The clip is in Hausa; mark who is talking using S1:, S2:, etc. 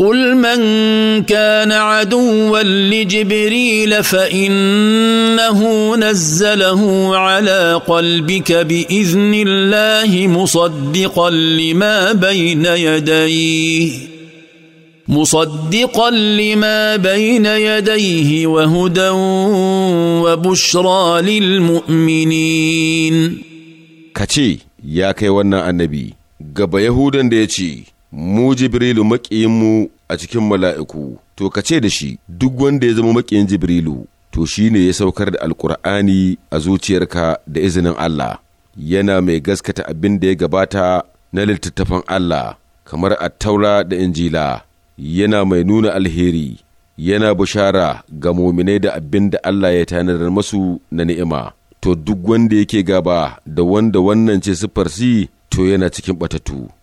S1: قل من كان عدوا لجبريل فانه نزله على قلبك باذن الله مصدقا لما بين يديه مصدقا لما بين يديه وهدى وبشرى للمؤمنين
S2: كتي يا كي النبي gaba Yahudan da ya ce, mu jibrilu mu a cikin mala'iku to ka ce da shi duk wanda ya zama maƙiyin jibrilu to shi ne ya saukar da alkur'ani a zuciyarka da izinin Allah yana mai gaskata abin da ya gabata na littattafan Allah kamar attaura da injila yana mai nuna alheri yana bushara ga mominai da abin da Allah ya tanadar masu na ni'ima to duk wanda yake gaba da wanda wannan ce siffar si to yana cikin batatu